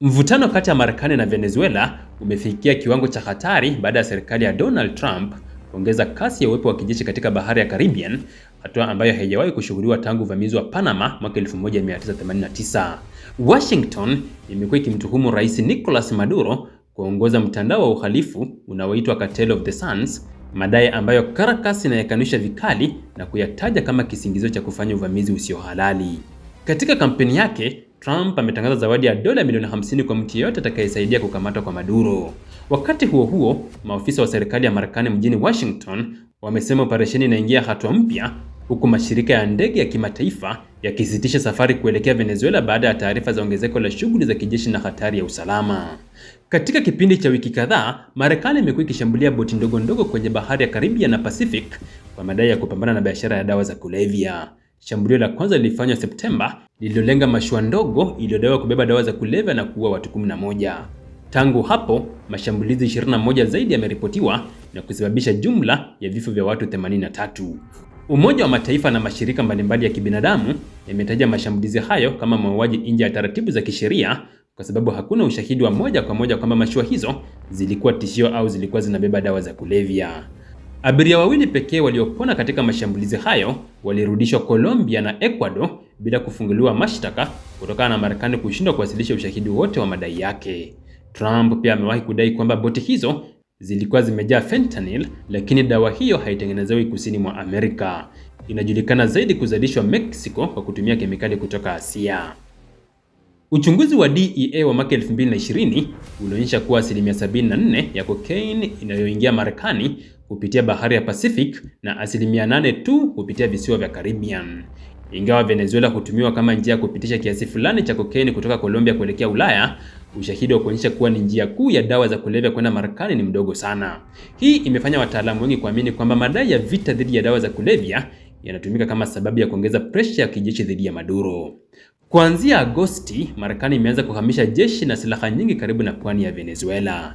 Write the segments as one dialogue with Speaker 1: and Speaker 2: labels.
Speaker 1: Mvutano kati ya Marekani na Venezuela umefikia kiwango cha hatari baada ya serikali ya Donald Trump kuongeza kasi ya uwepo wa kijeshi katika bahari ya Caribbean, hatua ambayo haijawahi kushuhudiwa tangu uvamizi wa Panama mwaka 1989. Washington imekuwa ikimtuhumu Rais Nicolas Maduro kuongoza mtandao wa uhalifu unaoitwa Cartel of the Suns, madai ambayo Caracas inayakanusha vikali na kuyataja kama kisingizio cha kufanya uvamizi usio halali. Katika kampeni yake Trump ametangaza zawadi ya dola milioni 50 kwa mtu yeyote atakayesaidia kukamatwa kwa Maduro. Wakati huo huo, maofisa wa serikali ya Marekani mjini Washington wamesema operesheni inaingia hatua mpya huku mashirika ya ndege ya kimataifa yakisitisha safari kuelekea Venezuela baada ya taarifa za ongezeko la shughuli za kijeshi na hatari ya usalama. Katika kipindi cha wiki kadhaa, Marekani imekuwa ikishambulia boti ndogo ndogo kwenye bahari ya Karibia na Pacific kwa madai ya kupambana na biashara ya dawa za kulevya. Shambulio la kwanza lilifanywa Septemba lililolenga mashua ndogo iliyodaiwa kubeba dawa za kulevya na kuua watu 11. Tangu hapo mashambulizi 21 zaidi yameripotiwa na kusababisha jumla ya vifo vya watu 83. Umoja wa Mataifa na mashirika mbalimbali ya kibinadamu yametaja mashambulizi hayo kama mauaji nje ya taratibu za kisheria kwa sababu hakuna ushahidi wa moja kwa moja kwamba mashua hizo zilikuwa tishio au zilikuwa zinabeba dawa za kulevya. Abiria wawili pekee waliopona katika mashambulizi hayo walirudishwa Colombia na Ecuador bila kufunguliwa mashtaka kutokana na Marekani kushindwa kuwasilisha ushahidi wote wa madai yake. Trump pia amewahi kudai kwamba boti hizo zilikuwa zimejaa fentanyl, lakini dawa hiyo haitengenezewi kusini mwa Amerika. Inajulikana zaidi kuzalishwa Mexico kwa kutumia kemikali kutoka Asia. Uchunguzi wa DEA wa mwaka 2020 ulionyesha kuwa asilimia 74 ya cocaine inayoingia Marekani kupitia bahari ya Pacific na asilimia nane tu kupitia visiwa vya Caribbean. Ingawa Venezuela hutumiwa kama njia ya kupitisha kiasi fulani cha kokeni kutoka Colombia kuelekea Ulaya, ushahidi wa kuonyesha kuwa ni njia kuu ya dawa za kulevya kwenda Marekani ni mdogo sana. Hii imefanya wataalamu wengi kuamini kwamba madai ya vita dhidi ya dawa za kulevya yanatumika kama sababu ya kuongeza presha ya kijeshi dhidi ya Maduro. Kuanzia Agosti, Marekani imeanza kuhamisha jeshi na silaha nyingi karibu na pwani ya Venezuela.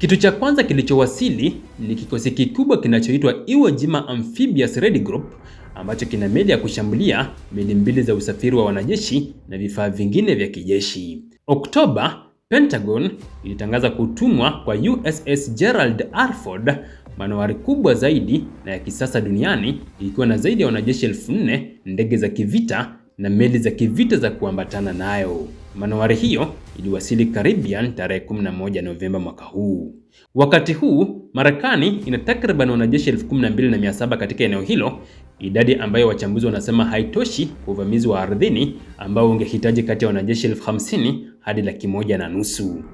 Speaker 1: Kitu cha kwanza kilichowasili ni kikosi kikubwa kinachoitwa Iwo Jima Amphibious Raid Group ambacho kina meli ya kushambulia, meli mbili za usafiri wa wanajeshi na vifaa vingine vya kijeshi. Oktoba, Pentagon ilitangaza kutumwa kwa USS Gerald R. Ford, manowari kubwa zaidi na ya kisasa duniani ikiwa na zaidi ya wanajeshi elfu nne, ndege za kivita na meli za kivita za kuambatana nayo. Manowari hiyo iliwasili Caribbean tarehe 11 Novemba mwaka huu. Wakati huu Marekani ina takriban wanajeshi 12,700 katika eneo hilo, idadi ambayo wachambuzi wanasema haitoshi kwa uvamizi wa ardhini ambao ungehitaji kati ya wanajeshi 50,000 hadi laki moja na nusu.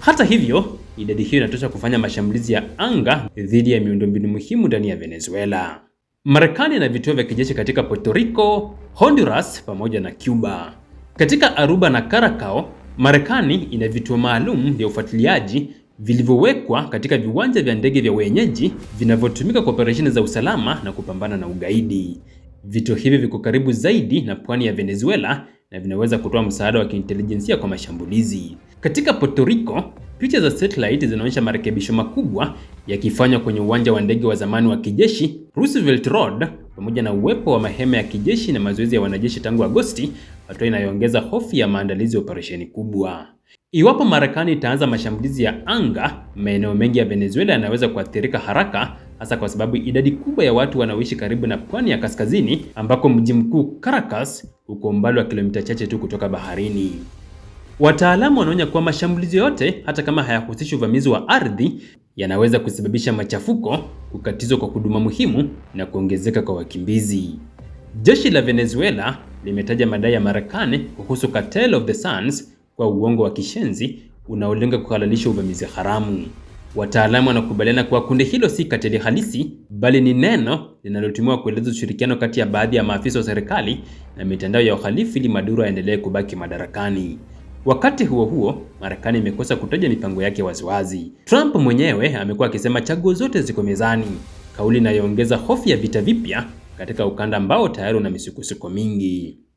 Speaker 1: Hata hivyo, idadi hiyo inatosha kufanya mashambulizi ya anga dhidi ya miundombinu muhimu ndani ya Venezuela. Marekani ina vituo vya kijeshi katika Puerto Rico, Honduras pamoja na Cuba. Katika Aruba na Karakao, Marekani ina vituo maalum vya ufuatiliaji vilivyowekwa katika viwanja vya ndege vya wenyeji vinavyotumika kwa operesheni za usalama na kupambana na ugaidi. Vituo hivi viko karibu zaidi na pwani ya Venezuela na vinaweza kutoa msaada wa kiintelijensia kwa mashambulizi. Katika Puerto Rico, picha za satellite zinaonyesha marekebisho makubwa yakifanywa kwenye uwanja wa ndege wa zamani wa kijeshi Roosevelt Road pamoja na uwepo wa mahema ya kijeshi na mazoezi ya wanajeshi tangu Agosti, hatua inayoongeza hofu ya maandalizi ya operesheni kubwa. Iwapo Marekani itaanza mashambulizi ya anga, maeneo mengi ya Venezuela yanaweza kuathirika haraka, hasa kwa sababu idadi kubwa ya watu wanaoishi karibu na pwani ya kaskazini, ambako mji mkuu Caracas uko umbali wa kilomita chache tu kutoka baharini. Wataalamu wanaonya kuwa mashambulizi yote, hata kama hayahusishi uvamizi wa ardhi, yanaweza kusababisha machafuko, kukatizwa kwa huduma muhimu na kuongezeka kwa wakimbizi. Jeshi la Venezuela limetaja madai ya Marekani kuhusu Cartel of the Suns kwa uongo wa kishenzi unaolenga kuhalalisha uvamizi haramu. Wataalamu wanakubaliana kuwa kundi hilo si kateli halisi, bali ni neno linalotumiwa kueleza ushirikiano kati ya baadhi ya maafisa wa serikali na mitandao ya uhalifu ili Maduro aendelee kubaki madarakani. Wakati huo huo, Marekani imekosa kutaja mipango yake waziwazi. Trump mwenyewe amekuwa akisema chaguo zote ziko mezani, kauli inayoongeza hofu ya vita vipya katika ukanda ambao tayari una misukosuko mingi.